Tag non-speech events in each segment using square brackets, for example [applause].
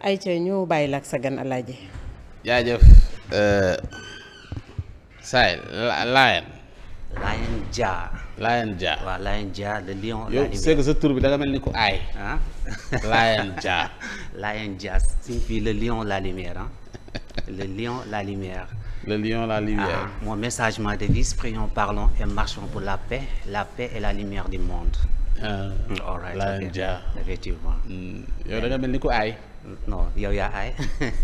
ay ca ñu bàyyi la ak sa gan alaaji jaajëf saay laayen lion yow c'est que sa tur bi da mel ni ku aay ah laayen jaa laayen jaa signifie le lion la lumière [laughs] lion la lumière Le lion, la lumière. Ah, mon message, ma devise, prions, parlons et marchons pour la paix, la paix et la lumière du monde. Ah, all effectivement. Mm. yow da mel ni ku aay. non yow yaa aay.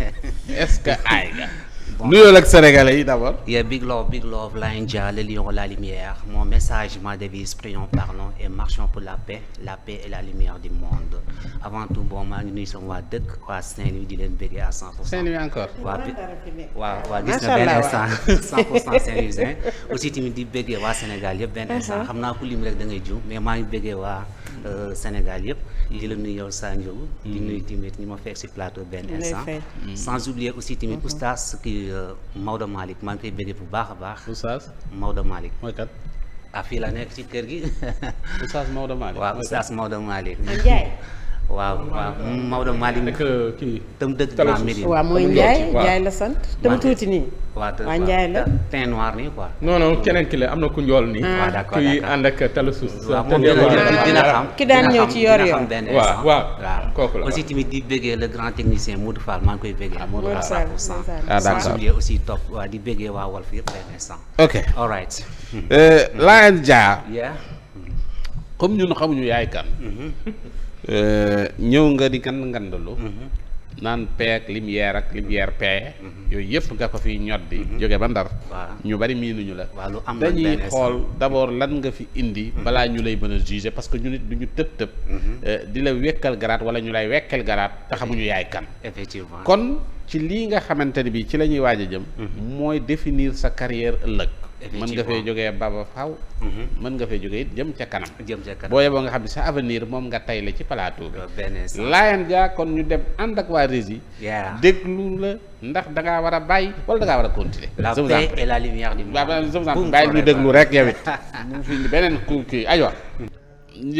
[laughs] est-ce que aay nga. [laughs] bon nuyool ak sénégalais yi big love big love la India le lion la lumière mon message ma devise prions parlons et marchons pour la paix la paix et la lumière du monde avant tout bon maa ngi nuyu sama waa dëkk waa Saint-Louis di leen bëggee à 100 pour cent. Saint-Louis encore waa waaw waa gis na benn instant 100 [laughs] pour cent Saint-Louisien aussi tamit di bëggee waa Sénégal yëpp benn uh-huh. instant xam naa ku lim rek da ngay jiw mais maa ngi bëggee waa. Euh, Sénégal yëpp di la nuyu yow Sa Ndiogou di mm-hmm. nuyu tamit ñi ma fekk si plateau benn instant mm-hmm. sans oublier aussi tamit mm-hmm. oustaz ki euh, Maodo Malick maa ngi koy bëggee bu baax a baax oustaz Maodo Malick mooy kat ah fii la nekk ci kër gi oustaz Maodo Malick [laughs] waaw oustaz Maodo Malick Ndiaye waaw waaw Maodo Malick nekk mm, kii. tam dëkk Grand Médine waaw mooy Ndiaye Ndiaye la sant. tam tuuti nii. waaw Ndiaye la teint noir nii quoi. non non keneen ki la am na ku njool nii. Ah. waaw d'accord kuy ànd ak Talassus. moom dina xam ki daan ñëw ci yor yor dina xam waaw waaw kooku la aussi tamit di bëggee le grand technicien Modou Fall maa ngi koy bëggee. Modou Fall ah d'accord aussi top waaw di bëggee waa Walf yëpp benn instant. ok all right. Euh, Laye Dia. comme ñun xamuñu yaay kan. Mm-hmm. Euh, ñëw nga di ngand ngandalu mhm. naan peek lumière ak lumière pee mhm. yooyu yëpp nga ko fi ñoddi mhm. jóge ba ndar ñu bari miinuñu la dañuy xool d'abord lan nga fi indi balaa ñu lay mën a parce que ñu nit du ñu tëb tëb euh, di la wekkal garaat wala ñu lay wekkal garaat te xamuñu yaay kan effectivement kon ci lii nga xamante ne bi ci la ñuy waaj a jëm mooy définir sa carrière ëllëg mën nga fee jógee ba faw mhm. mën nga fee jógee it jëm ca kanam boo yeboo nga xam ne sa avenir moom nga tay la ci plateau bi laayan jaa kon ñu dem ànd ak waa régie déglu la ndax da ngaa war a bàyyi wala da ngaa war a continuer la paix et la lumière du monde waaw bàyyi ñu déglu rek yow it [laughs] mu fi beneen ku kii aywa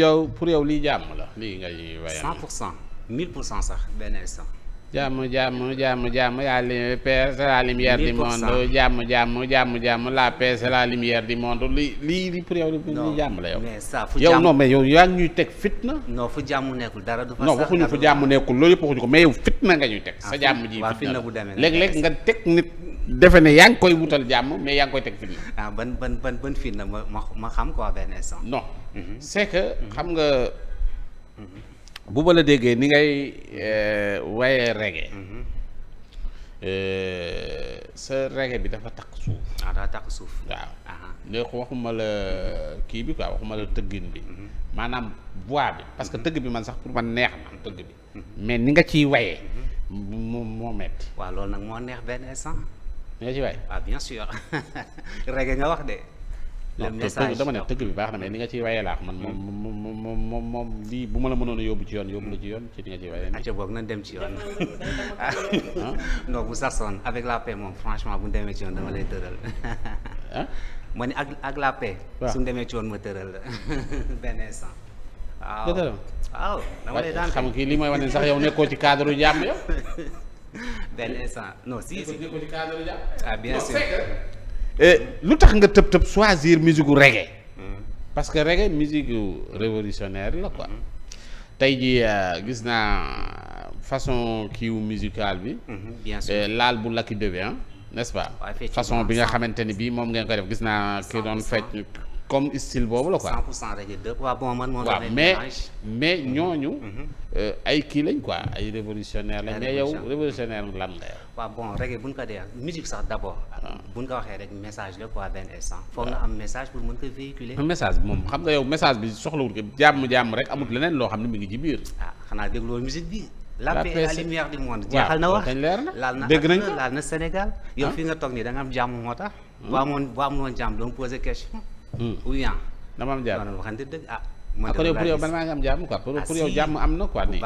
yow pour yow lii jàmm la lii ngay waye cent pour cent sax benn instant jàmm jàmm jàmm jàmm la paix c'est la lumière du monde jàmm jàmm jàmm jàmm la paix c'est la lumière du monde li lii li pour yow li jàmm la yow. mais yow non mais yow yaa ngi teg fitna. non fu jàmm nekkul dara du fa non waxuñu fu jàmm nekkul loolu yëpp waxuñu ko mais yow fitna nga ñuy teg. sa ah, jàmm ji fitna léeg-léeg nga teg nit. defe ne yaa ngi koy wutal jàmm mais yaa ngi koy teg fitna. Ah, ban ban ban ban fitna ma ma ma xam quoi benn no mhm. c'est que mhm. xam nga. Mhm. bu ma la déggee ni ngay euh, waye reggae mhm. euh, sa reggae bi dafa takk suuf. ah daa takk suuf. waaw léegi waxuma la kii bi quoi waxuma la tëggin bi. Mhm. maanaam voix bi parce que mhm. tëgg bi man sax pour man neex na tëgg bi. mais ni nga ciy waye moom moo metti waaw loolu nag moo neex benn instant. nga ci waay. ah bien sûr [laughs] reggae nga wax de. le message dama ne tëgg bi baax na mais ni nga ciy wayee laax man moom moom moom moom moom lii bu ma la mënoon a yóbbu ci yoon yóbbu la ci yoon ci ni nga ciy wayee aco boog nañ dem ci yoon ah. [laughs] non bu saxsoon avec la paix moom franchement bu ñu demee ci yoon dama lay tëral [laughs] ma ni ak ak la paix suñu demee ci yoon ma tëral la [laughs] benn instant waaw waaw dama lay daan xam kii li mooy wane sax yow nekkoo ci cadre jàmm yow benn instant non si si nekkoo ci cadre jàmm ah bien sûr lu tax nga tëb tëb choisir musique reggae parce que reggae musique yu révolutionnaire la quoi tey jii euh, gis naa façon kiiwu musicale bi. Mhm, bien sûr laal bu Lucky Dube ah n'est-ce pas. façon bi nga xamante ni bii moom ngeen koy def gis naa. ki doon fecc comme style boobu la quoi. 100 pour mais mais ñooñu. Mhm. Mhm. Euh, ay kii lañ quoi ay révolutionnaire lañ. mais yow révolutionnaire lan la yow. waaw bon reggae bu ñu ko dee bu ñu ko waxee rek message la quoi benn instant. foog nga am message pour mën ko véhiculer. message bi moom xam nga yow message bi soxlawul ko jàmm jàmm rek amut leneen loo xam ne mu ngi ci biir. ah xanaa dégloo musique bi. la paix et la lumière du monde. dégg nañ laal na Sénégal. yow ah. fii nga toog nii da am jàmm moo tax. boo hmm. amoon boo amoon jàmm doo question. Hmm. ou bien. dama am jàmm waxante dëgg ah, ah, pour yow man maa ngi am jàmm quoi pour yow jàmm am na quoi nii.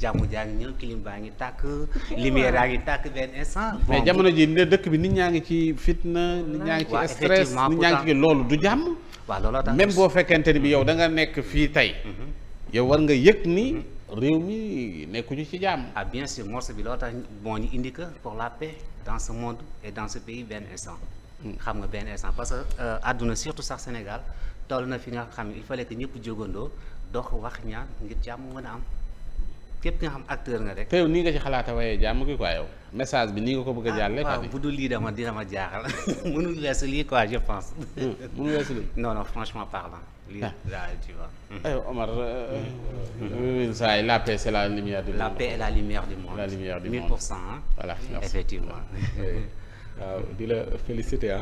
jàmm jaa ngi ñëw clim baa ngi tàkk. [laughs] lumière yaa ngi tàkk benn instant. mais jamono ji ne dëkk bi nit ñaa ngi ci fitna. nit ñaa ngi ci stress nit ñaa ngi ci loolu du jàmm. waaw boo fekkente ni bi yow da nga nekk fii tey. Mhm. yow war nga yëg ni. Mhm. réew mi nekkuñu ci jàmm. ah bien sûr morceau bi loo tax moo ñu indi que pour la paix dans ce monde et dans ce pays benn instant. Hmm. xam nga benn instant parce que euh, àdduna surtout sax Sénégal toll na fi nga xam ne il fallait que ñëpp jógandoo wax ñaan ngir jàmm mën am. képp ki nga xam acteur nga rek. te yow nii nga ci xalaata waaye jàmm gi quoi yow message bi nii nga ko bëgg a ah, jàllale. waaw bu dul lii dama dina ma jaaxal [laughs] mënul weesu lii quoi je pense. Hmm, mënul weesu lii. non non franchement parlant. lii daal ah. tu vois. Hmm. Omar. Euh, euh, euh, la paix c'est la lumière du. la paix est la lumière monde. la lumière du monde mille pour cent [laughs] [laughs] waaw di la féliciter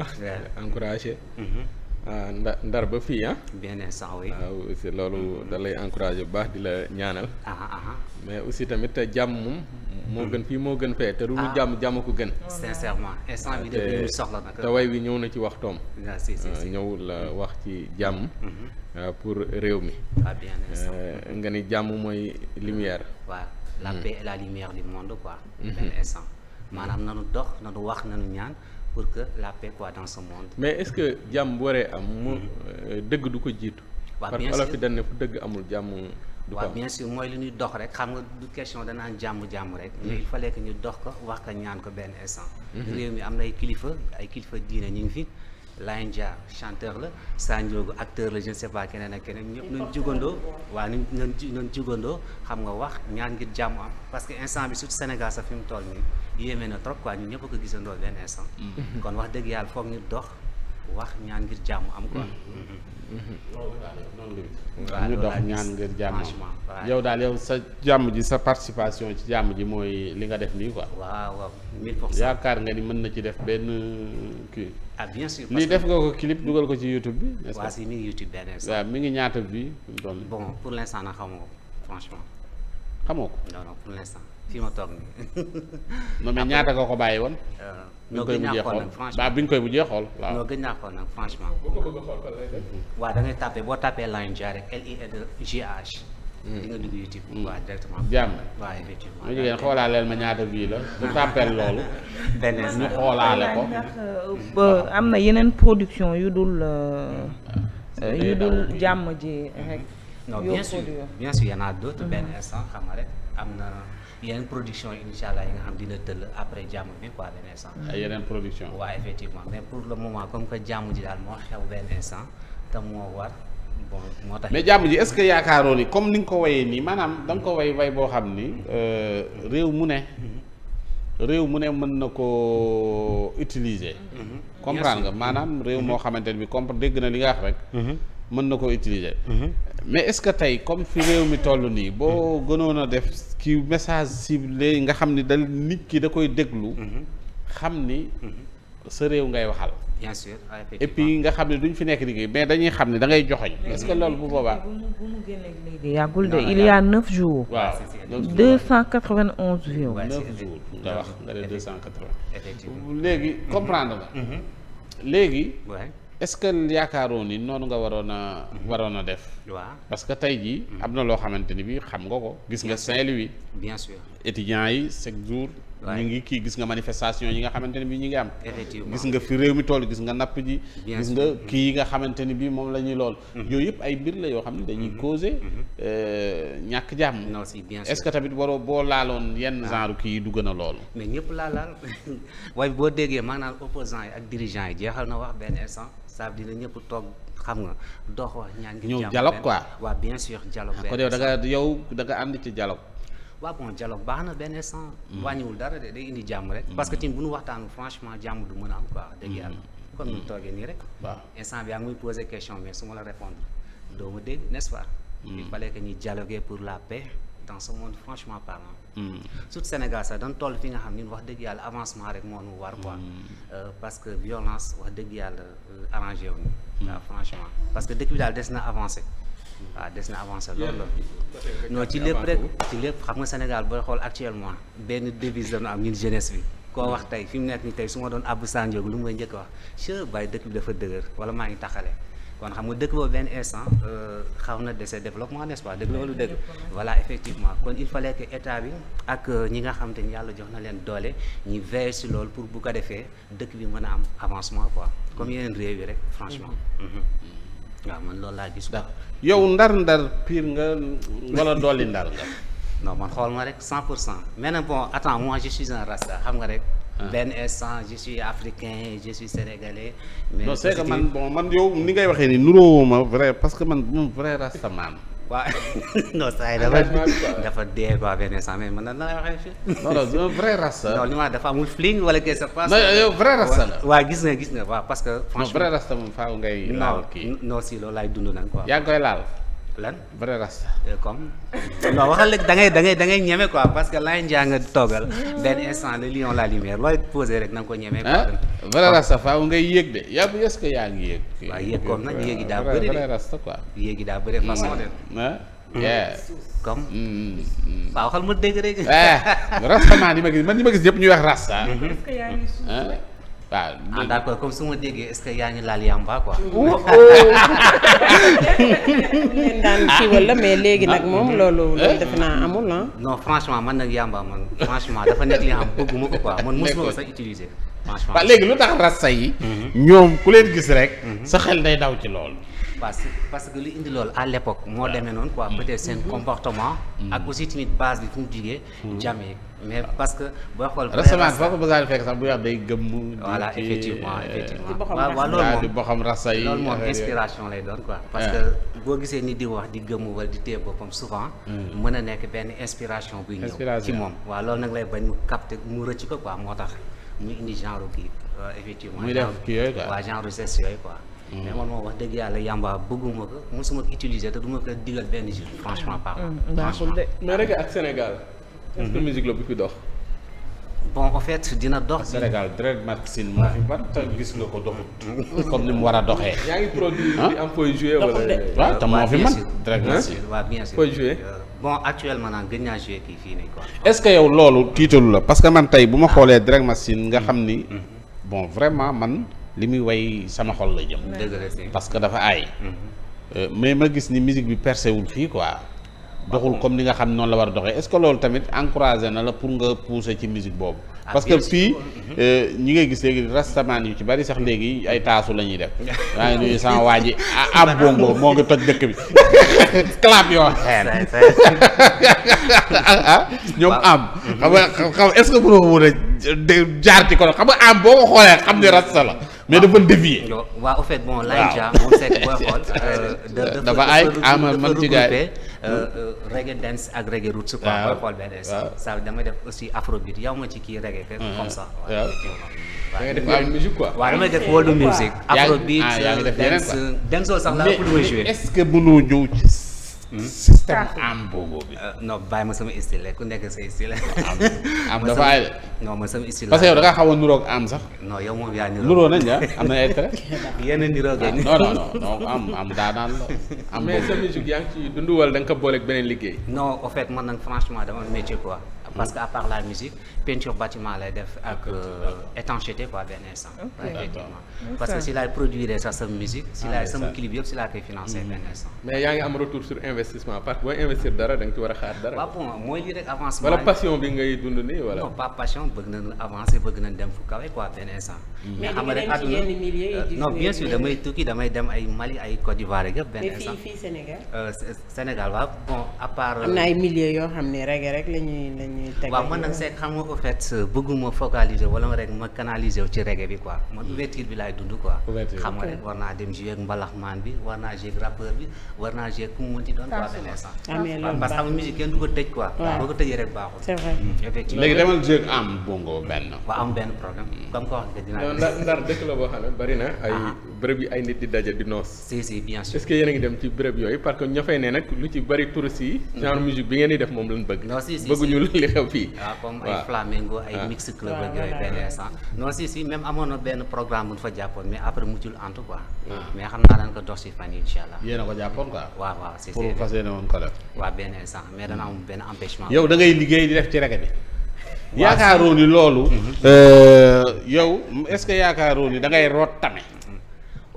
encourager. Mm-hmm. ah nda ndar ba fii ah. bien waaw aussi loolu mm-hmm. da lay encouragé bu baax di la ñaanal. Ah, ah, ah. mais aussi tamit jàmm moom. moo gën fii moo gën fee te lu jàmm jàmm ko gën. sincèrement instant bi dañuy way wi ñëw na ci waxtoom. si si ñëw la mm-hmm. wax ci jàmm. Mm-hmm. pour réew mi. bien euh, nga ni jàmm mooy lumière. waaw la mm. paix et la lumière du monde quoi. maanaam nanu dox nanu wax nanu ñaan. pour que la paix quoi dans ce monde. mais est-ce que jàmm bu waree am. mu mm-hmm. euh, dëgg du ko jiitu. waaw bien sûr parce que olof ne fu dëgg amul jàmm. du ko am waaw bien sûr mooy li ñuy dox rek xam nga du question danaan jàmm jàmm rek. Mm-hmm. mais fa lekk ñu dox ko wax ko ñaan ko benn instant. Mm-hmm. réew mi am na ay kilifa ay kilifa diine ñu ngi fi. Line Dia chanteur la Sandiogo acteur la je ne sais pas keneen ak keneen ñëpp nañ jugandoo waaw nañ nañ nañ xam nga wax ñaan ngir jàmm am parce que instant bi surtout Sénégal sax fi mu toll nii yéeme na trop quoi ñun ñëpp a ko gisandoo benn instant mm-hmm. kon wax dëgg yàlla foog ñu dox wax ñaan ngir jàmm am quoi. Mm-hmm. ñu dox ñaan ngir jàmm yow daal yow sa jàmm ji sa participation ci jàmm ji mooy li nga def nii quoi. waaw yaakaar nga ni mën na ci def benn kii. ah bien sûr lii def nga ko clip dugal ko ci YouTube bi. est-ce mi ngi ñaata bi doon bon pour l'instant nag xamoo ko franchement. xamoo mais ñaata nga ko bàyyi woon. Euh, noo gën bi ñu koy bu xool waaw noo gën naa xool nag franchement. waaw da ngay boo tapé line ja rek L I N G nga dugg YouTube. Hmm. waaw jàmm waaw ma ñaata bii la. du [laughs] tàmpeel loolu. Euh, ba am na yeneen production yu dul. Euh, euh, yu dul jàmm ji rek. bien sûr bien y en a d'autres hmm. benn instant xam nga rek am na. yeneen production incha yi nga xam dina tëll après jàmm bi quoi benn instant. ay yeneen production. waaw effectivement mais pour le moment comme que jàmm ji daal moo xew benn instant te moo war. tax mais jàmm ji est-ce que yaakaaroo ni comme ni nga ko wayee nii maanaam da nga ko way way boo xam ni euh, réew mu ne réew mu ne mën na ko utiliser mhm. comprendre nga maanaam réew mhm. moo xamante ne bi comprendre dégg na li nga wax rek mhm. mën na ko utiliser. Mhm. mais est-ce que tey comme fi réew mi toll nii boo mhm. gënoon a def ki message ciblé nga xam ni dal nit ki da koy déglu. Mhm. xam ni sa réew ngay waxal. bien sûr et puis nga xam ne duñ fi nekk liggéey mais dañuy xam ne da ngay joxoñ est que loolu bu boobaa. bu yàggul de il y a neuf jours. waaw deux cent quatre-vingt-onze jours. neuf jours nga wax nga ne deux léegi comprendre nga. léegi. est-ce que yaakaaroo ni noonu nga waroon a waroon a def. waaw parce que tey jii. Mm-hmm. am na loo xamante ni bii xam nga ko. gis nga Saint-Louis. bien sûr étudiants yi chaque jour. ñu ngi kii gis nga manifestation yi nga xamante ne bii ñu ngi am. effectivement gis nga fi réew mi toll gis nga napp ji. gis nga mm-hmm. kii yi nga xamante ni bii moom la ñuy lool. Mm-hmm. yooyu yëpp ay mbir la yoo xam ne dañuy causer. Euh, ñàkk jàmm. non si bien est-ce que tamit waroo boo laaloon yenn ah. genre kii yi du gën a loolu. mais ñëpp laa laal [laughs] waaye boo déggee maanaam opposants yi ak dirigeants yi jeexal na wax benn sa ça dina ñëpp toog xam nga dox wax ñaan ngi ñëw dialogue quoi waaw bien sûr dialogue ah, kon yow da nga yow da nga ànd ci dialogue waaw bon baax na benn instant mm. wàññiwul dara de day indi jàmm rek mm. parce que tim bu nu waxtaanu franchement jàmm du mën a am quoi dëgg yàlla mm. comme ñu toogee nii rek waaw instant bi yaa ngi muy poser question mais su ma la répondre doo ma dégg n'est-ce pas il fallait que pour la paix dans ce monde franchement parlant surtout Sénégal sax dañ toll fi nga xam ni wax dëgg yàlla avancement rek moo mu war quoi. Mm. Euh, parce que violence wax dëgg yàlla euh, arrangé wu ñu. Mm. parce que dëkk bi daal des na avancer waaw des na avancer loolu la. non ci lépp rek ci lépp xam nga Sénégal booy xool actuellement benn devise la ñu am ñun jeunesse bi. koo wax mm. tey fi mu nekk nii tey su ma doon àbb Sandiog lu mu ngay njëkk wax che bàyyi dëkk bi dafa dëgër wala maa ngi taxalee. kon xam nga dëkk boobu benn instant euh, xaw na dese développement n'est-ce pas dëgg loolu dëgg voilà effectivement kon il fallait lekk état bi ak euh, ñi nga xam te ni yàlla jox na leen doole ñu veille si lool pour bu ko defee dëkk bi mën a am avancement quoi comme yeneen réew yi rek franchement mm-hmm. Mm-hmm. waaw man loolu laa gis. yow ndar ndar pire nga wala dolli ndar nga [laughs] non man xool ma rek cent pour cent mais nag bon attends moi je suis un rasta xam nga rek Ah. benn instant je suis africain je suis sénégalais. mais non que man yow ni ngay waxee ni nuróowu ma vrai parce que man moom vrai rasta [laughs] maam. waaw [laughs] non saa yi dafa dafa dee quoi benn instant mais man nan la waxee fii. non non ma dafa amul fling wala que a passe. non euh, yow vrai rasta la. gis nga gis nga waa parce que. franchement non vrai rasta ngay. laal kii non si loolu laay dund nag ko yaa ngi koy laal. lan vrai rasta comme non waxal rek da ngay da da ngay ñeme quoi parce que laay njaa nga toogal benn instant le lion la lumière looy posé rek na ko ñeme ah vrai rasta faaw ngay yéeg de yàlla est-ce que yaa ngi yéeg waaw yéeg comme nag yéegi daa bëri de vrai rasta quoi yéegi daa bëri façon de yeah comme mm, mm, mm. waaw waxal ma dégg rek eh, rasta maa ni ma gis man ñi ma gis ñëpp ñuy wax rasta ah. waaw ah comme su ma déggee est-ce yaa ngi laal yamba quoi. Oh. [laughs] ngeen daan siiwal ah. la mais léegi nag ah. moom loolu. Eh? loolu defe naa amul ah. non franchement man nag yamba man franchement dafa nekk li nga xam bëgguma ko quoi man mosuma ko sax utiliser. franchement waaw léegi lu tax rasta yi. Mhm. ñoom ku leen gis rek. Mhm. sa xel day daw ci loolu. parce parce que lu indi loolu à l'époque moo demee noonu quoi mhm. peut-être seen comportement. ak aussi tamit base fu mu jugee. Jamaïque. mais parce que booy xool. restaurant foo ko bëgg fekk sax bu wax day gëmm. voilà effectivement eh, effectivement waaw loolu moom eh, lay doon quoi. parce eh. que gisee ni di wax di gëmm wala di téye boppam souvent. Hmm. mën a nekk benn inspiration buy ñëw. ci moom waaw loolu nag lay bañ mu capté mu rëcc ko quoi moo tax ñu indi genre kii euh, effectivement. muy def kii yooyu quoi waaw genre geste yooyu quoi. Hmm. mais man moom wax dëgg yàlla yamba bëgguma ko mosuma ko utiliser te du ma ko digal benn jour franchement parlant. Hmm, baaxul mais rek ak Sénégal. est bu fi dox. bon dina dox. Sénégal Dread Maxine moo fi gis nga ko doxut. ni mu war a doxee. yaa ngi produire di am fooy joué wala. waaw te moo fi euh, fii nii quoi. est-ce que yow loolu tiitalu la parce que man tey bu ma xoolee Dread Maxine nga xam ni. Hmm. bon vraiment man li muy way sama xol la jëm. parce que dafa aay. Hmm. Euh, mais ma gis ni musique bi percé wul fii quoi. doxul comme ni nga xam noonu la war a doxee est-ce que loolu tamit encouragé na la pour nga pousser ci musique boobu. Ah, parce que fii euh, ñi ngay gis léegi rastamaan yu ci bari sax léegi ay taasu la ñuy def. maa ngi sama waa ji ah, ab toj dëkk bi [laughs] clap yoo [laughs] ah, a jaar ci kon am boo ko xoolee xam ne rasta la. mais dafa dévier. waaw dafa ay ama man ci gaay Euh, euh, reggae dance ak reggae roots. waaw waaw xool benn saa damay def aussi afrobeat yaw ma ci kii reggae. Mm-hmm. comme ça waaw da nga def world music quoi. waaw damay def world music. afrobeat ah, euh, dance dansoo sax la ëpp lu may est-ce que mënoo ñëw ci. système am boobu bi. Euh, non bàyyi ma sama style ku nekk sa style. am [laughs] dafa ay de. non ma sama style parce que yow da ngaa xaw a nuroog am sax. non yow moom yaa niroo nuroo nañ ah am na ay traits. [laughs] yenn niroo ah, ngeen. non non non am am daanaan la. am mais dund wala da ko booleeg beneen liggéey. no en fait man nag franchement dama métier quoi. parce que à part la musique peinture bâtiment lay def ak euh, étanchéité parce que si laay produire sa sam musique si laay sama clip yëpp si laa koy financé mhm. benn instant mais yaa ngi am retour sur investissement parce que booy investir dara da nga ci war a xaar dara waaw bon mooy lii rek avancement wala passion bi ngay dund nii wala passion bëgg nañ avancer bëgg nañ dem fu kawe quoi benn instant mhm. mais xam nga rek àdduna euh, non bien sûr damay tukki damay dem ay Mali ay Côte d'Ivoire ñuy man nag seeg xam nga au fait bëgguma focaliser wala rek ma canaliser wu ci reggae bi quoi man hmm. ouverture bi laay dund quoi xam nga rek war naa dem jouer ak mbalaxmaan bi war naa jouer ak rappeur bi war naa jouer ku mu mënti doon quoi benn instant parce que xam nga kenn du ko tëj quoi boo ko tëjee rek baaxul hmm, léegi demal jouer am bongo benn waaw am benn problème hmm. comme ko wax nga dinaa ndar dëkk la boo xam ne bari ay ah. bërëb yi ay nit di daje di noos. est-ce que yéen a ngi dem ci bërëb yooyu parce que ña fay ne nag lu ci bëri touristes yi. Mm-hmm. genre musique bi ngeen di def moom lañ bëgg. non si si bëgguñu amoon na benn programme bu ñu fa jàppoon mais après muccul antu quoi. Ah. mais xam naa daan ko dox si fan yii incha allah. yéen ko jàppoon quoi. pour fas yéene woon ko def. waaw benn instant yow da liggéey di def ci rek bi. yaakaaroo ni loolu. Mm-hmm. Euh, yow est-ce que yaakaaroo ni da root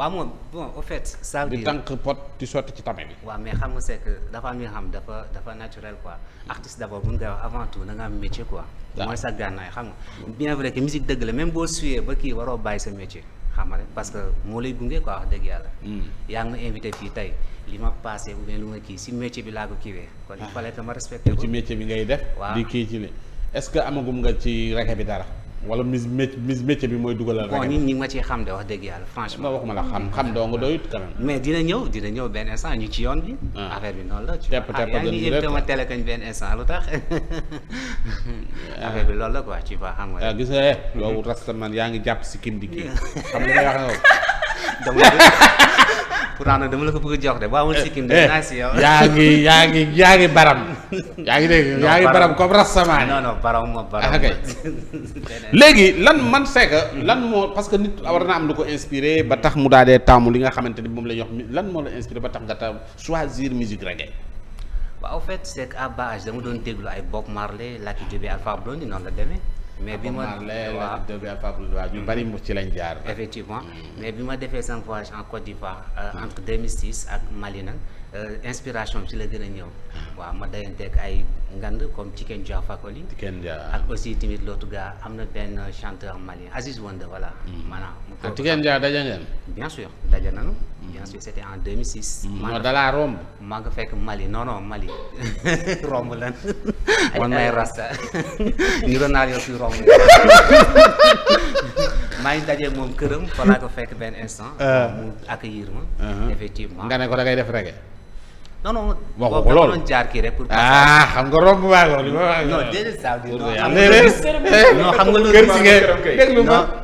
waaw moom bon au fait. ça veut dire di tànk pot di sotti ci tame bi. waaw mais xam nga c'est dafa am yoo xam dafa dafa naturel quoi artiste d'abord bu nga wax avant tout da nga am métier quoi. mooy sa gànnaay xam nga. bien vrai que musique dëgg la même boo suyee ba kii waroo bàyyi sa métier. xam nga parce que moo lay gunge quoi dëgg yàlla. Hmm. yaa ngi ma tey li ma passé ou bien lu ma kii si métier bi laa ko kiiwee. kon il fallait que ma respecté ko ci métier bi ngay def. waaw di kii ci li est-ce que amagum nga ci rek bi dara. wala mis miss métier bi mooy dugalal. bon ñi ñi ma ciy xam de wax dëgg yàlla franchement. waxuma la xam xam doo nga doyut quand même. mais dina ñëw dina ñëw benn instant ñu ci yoon bi. Ah. affaire bi noonu la. tepp tepp ah, yaa ngi invité ma télé kañ benn instant lu tax [laughs] [laughs] affaire bi loolu la quoi ci vois xam nga. Ah, gis nga eh, yow rasta man yaa ngi jàpp si kim di kii [laughs] xam nga may wax dama pourtant nag dama la ko bëgg a jox de boo amul sikkim de eh, eh, naa si yow. [laughs] yaa ngi yaa ngi yaa ngi baram. [laughs] yaa ngi dégg léegi lan man c'est mm-hmm. lan moo parce que nit war na am lu ko inspiré ba tax mu daal dee taamu li nga xamante ni moom la ñu wax lan moo la inspiré ba tax nga tam choisir musique reggae. waaw en fait c'est à base dama doon déglu ay Bob Marley Lucky Dube Alpha Blondy noon la demee. mais bi ma waaw ñu bari mu ci lañ jaar. effectivement mm. mais bi ma defee sama voyage en Côte d'Ivoire euh, entre 2006 ak Mali nag euh, inspiration bi ci la gën a ñëw. Ah. waaw ma dayanteeg ay Ngand comme Tiken Jah Fakoly. Tiken Jah ak aussi tamit l'autre gars am na benn chanteur malien Aziz Wanda voilà. Hmm. maanaam mu ko Tiken Jah daje ngeen. bien sûr daje nañu. Hmm. bien sûr c' en 2006. Hmm. maa da laa romb. maa fekk Mali non non Mali [laughs] romb lan. man ay rasta [laughs] ñu doon naan yow romb. [laughs] maa ngi moom këram fa laa ko fekk benn instant. Euh. mu accueillir ma. Uh-huh. nga ne ko da def reggae. non non. waxu ko loolu jaar kii rek pour. ah xam nga romb waa loolu. non déedéet saa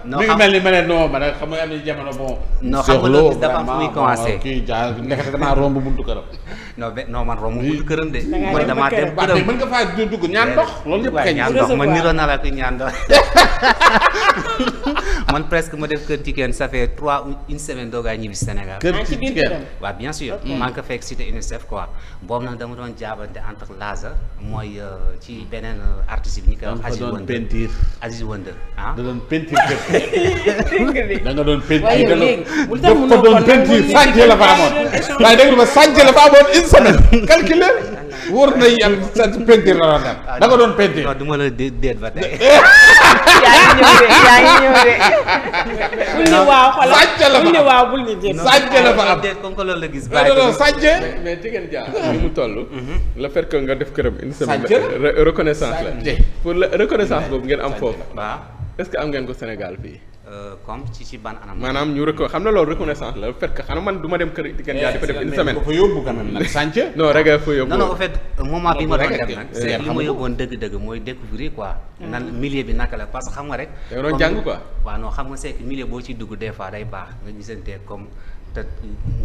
ma mi ngi mel ni ma ne non [laughs] man xam nga am na jamono bon. non xam nga loolu dafa am fu muy commencé. kii jaar nekk damaa romb buntu këram. non mais non man romb buntu këram de. man damaa dem këram mën nga faa dugg ñaan ndox. man niroo naa la ko une semaine espoir boobu nag dama doon jaabante entre Laza mooy euh, ci beneen euh, artiste bi ñu koy wax. Aziz Wëndër da nga doon peinture. Aziz Wëndër ah. da doon peinture kër. [laughs] da nga doon peinture. waaye léegi bu doon peinture sànce la fa amoon. [laughs] waaye [laughs] wóor na yàlla sa peinture la la def ah, nga doon peinture. non du la déet ba tey. [laughs] yaa ngi ñëw de yaa ngi ñëw de. [laughs] bul ni waaw xoolal la fa bul ni la fa am déet mu toll. Mhm. le fait nga def këram une semaine. reconnaissance la pour la reconnaissance boobu ngeen am foofu. est-ce que am ngeen ko Sénégal fii. Euh, comme ci ci ban anam. maanaam ñu rek xam na loolu reconnaissance la fekk xanaa man du ma dem kër Tiken Jah di fa def une semaine. fa yóbbu quand nag sànq. non rek a fa yóbbu non non en li ma yóbboon mooy découvrir quoi. Mm. nan milieu naka la parce que xam nga rek. da nga doon jàng quoi. waaw non xam nga c'est que boo ciy dugg des fois day baax nga gisante comme te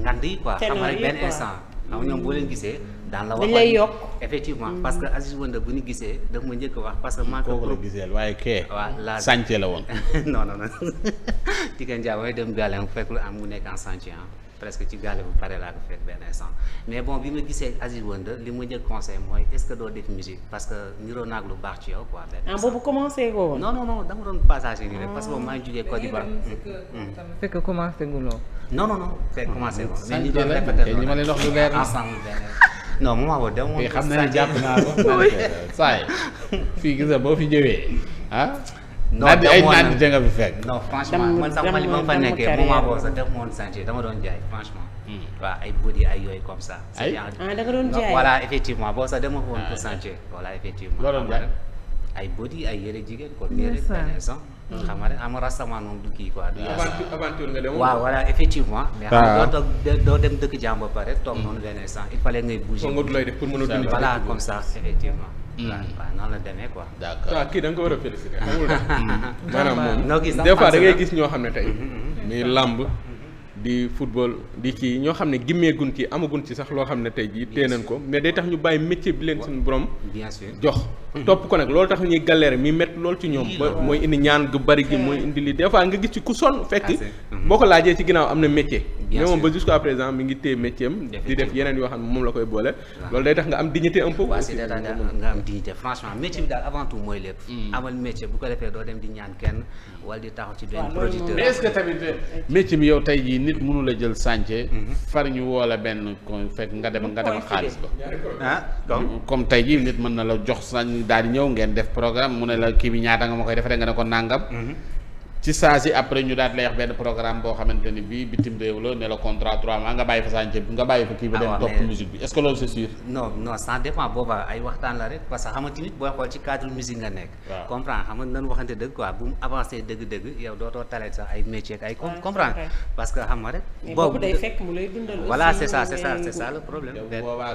ngand yi quoi. xam nga rek benn instant. xam ñoom boo leen gisee daan la wax dañ lay yokk effectivement mm. parce que Aziz Wanda bu ñu gisee daf ma njëkk wax parce que man kooku la giseel waaye kee [laughs] waaw la sànce la woon [laughs] non non non diggante [laughs] mooy dem gàllankoor fekk lu am mu nekk en sànce presque ci gaale bu pare laa ko fekk benn instant mais bon bi ma gisee Aziz li ma njëkk conseil mooy est doo def musique parce que niroo naag lu baax ci yow quoi. ah boobu commencé ko non non non dama doon passage nii rek parce que maa ngi jugee Côte d'Ivoire. Ah, mm. fekk commencé guloo. non non fekk commencé ko. mais ñu doon répété ñu ma leen wax lu leer ensemble benn non moment boobu demoon. xam naa ne jàpp naa ko. saa yi fii gis nga boo fi ñëwee ah? non naaj bi ay naaj bi nga fi man sax li ma fa nekkee moment boobu sax def moon chantier dama doon jaay franchement. Hmm. waaw ay body ay yooyu comme ça. ay ah da nga doon jaay voilà effectivement boo sax dama ko woon ah, pour chantier. effectivement ay body ay yére jigéen ko. yére Mm. xam nga rek am rassemblement moom du kii quoi. aventure nga demoon waaw voilà effectivement. mais ah. nga doo toog dem dëkk jàmm ba pare toog mm. noonu benn instant il fallait ngay bouger. songatu lay def pour mën a dund voilà comme ça effectivement. waaw mm. noonu la demee quoi. d' accord waaw kii da nga ko war a féliciter. maanaam [laughs] moom des fois da ngay gis ñoo xam ne tey. Mm-hmm. muy làmb. Mm-hmm. di football di kii ñoo xam ne gimmeegun ci amagun ci sax loo xam ne tey jii tee nañ ko mais day tax ñu bàyyi métier bi leen suñu borom jox topp ko nag lool tax ñuy galère mi métti loolu ci ñoom ba mooy indi ñaan gu bari gi eh. mooy indi lii des fois nga gis ci ku sonn fekk ah, boo ko laajee ci ginnaaw am na métier bien mi da nga am dignité franchement métier bi daal avant tout mooy lépp. Hmm. amal métier bu ko defee doo dem kenn wala di taxaw ci benn producteur. mais yow tey jii nit mënu la jël sànce. Hmm. far ñu woo la benn kon fekk nga dem nga dem xaalis ba. ah donc comme tey jii nit mën na la jox sañ daal di ñëw ngeen def programme mu ne la kii bi ñaata nga ma koy def rek nga ne ko nangam. Hmm. ci saa si après ñu daal di lay benn programme boo xamante ni bitim réew la ne la contrat trois mois nga bàyyi fa sànce nga bàyyi fa kii ba ah dem topp musique bi est loolu c'est sûr non non ça dépend booba ay waxtaan la rek parce que xam nga tamit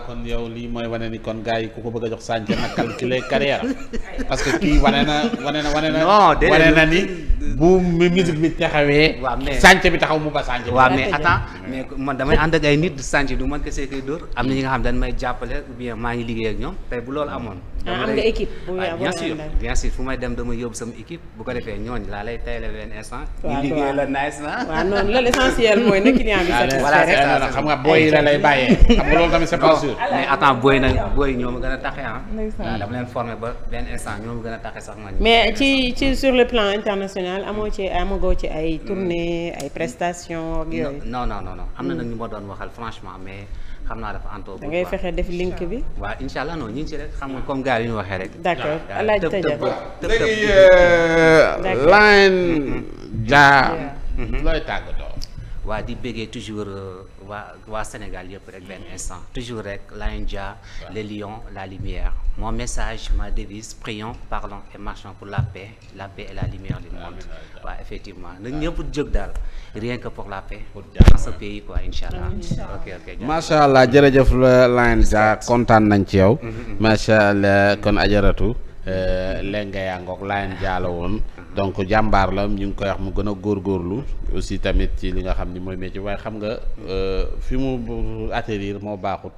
kon yow lii mooy wane ni kon gars ku ko bëgg a jox sànce na calculer carrière parce que kii wane na wane na wane na wane na mu musique bi taxawee. waaw mais sànc bi taxaw mu ba sànc bi. mais attends mais damay ànd ak nit di sànc du man kese koy dóor am na ñi nga xam dañ may jàppale ou bien maa ngi liggéey ak ñoom tey bu loolu amoon. Ah, am nga équipe bien sûr bien sûr fu may dem dama yóbbu sama équipe bu ko defee ñooñ laa lay tayle benn instant. ñu liggéey la nice na. waaw noonu la l'essentiel mooy na client bi satisfait rek xam nga booy la lay bàyyee xam nga loolu tamit c'est pas booy na booy ñoo ma gën a taxe ah dama leen former ba benn a taxe sax man mais ci ci amagoo ci amagoo ci ay mm. tournée ay prestations ak yooyu. non am na nag mm. ñu ma doon waxal franchement mais xam naa dafa antoo. da ngay fexe def link bi. waa incha allah non ñu ci rek xam nga comme gars yi ñu waxee rek. d'accord alaaj tëjal léegi line. jaa mm-hmm. mm-hmm. looy tàggatoo. waa di bëggee toujours euh, waa waa Sénégal yëpp rek benn mm-hmm. instant toujours rek la India les lions la lumière mon message ma devise prions parlons et marchons pour la paix la paix et la lumière du monde waaw effectivement nag ñëpp jóg daal rien que pour la paix dans ce pays quoi incha allah ok ok macha allah jërëjëf la India kontaan nañ ci yow mm-hmm. macha allah kon ajaratu euh, léegi nga yaa ngoog la India la woon donc jàmbaar la ñu ngi koy wax mu gën a góor góorlu aussi tamit ci li nga xam ni mooy métier waaye xam nga euh, fi mu atterrir moo baaxut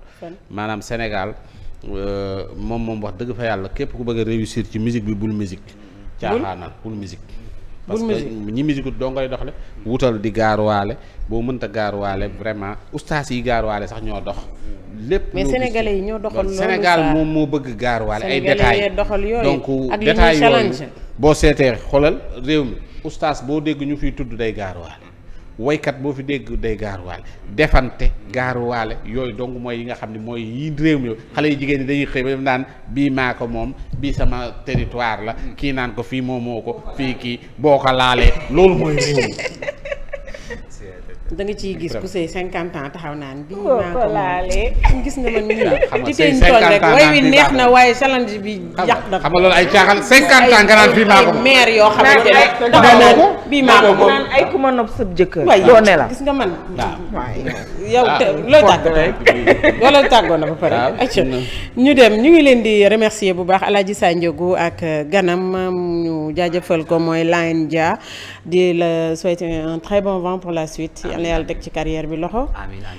maanaam Sénégal euh, moom moom wax dëgg fa yàlla képp ku bëgg a réussir ci musique bi bul musique caaxaanal bul musique parce que ñi musique doo ngay doxle wutal di gaaruwaale boo mënta gaaruwaale vraiment ustaas yi gaaruwaale sax ñoo dox lépp mais sénégalais moom moo bëgg gaaruwaale ay détails donc détails yooyu boo seetee xoolal réew mi ustaas boo dégg ñu fiy tudd day gaaruwaale woykat boo fi dégg day gaaruwaale defante gaaruwaale yooyu dong mooy yi nga xam ne mooy yi réew mi xale yu jigéen ñi dañuy xëy ba naan bii maa ko moom bii sama territoire la kii naan ko fii moomoo ko fii kii boo ko laalee loolu mooy réew [laughs] da nga ciy gis ku sëy 50 ans taxaw naan bii maa ko laalee gis nga man mii [laughs] na waaye challenge bi yàq na xam yoo xamante ne ay ku ma la gis nga man yow ah. looy tàgg [laughs] wala tàggoo na ba pare ñu dem ñu ngi leen di remercier bu baax Alaaji Sandiogou ak ganam ñu jaajëfal ko mooy Line Dia di la souhaiter un bon vent pour la suite yàlla teg ci carrière bi loxo. amiin amiin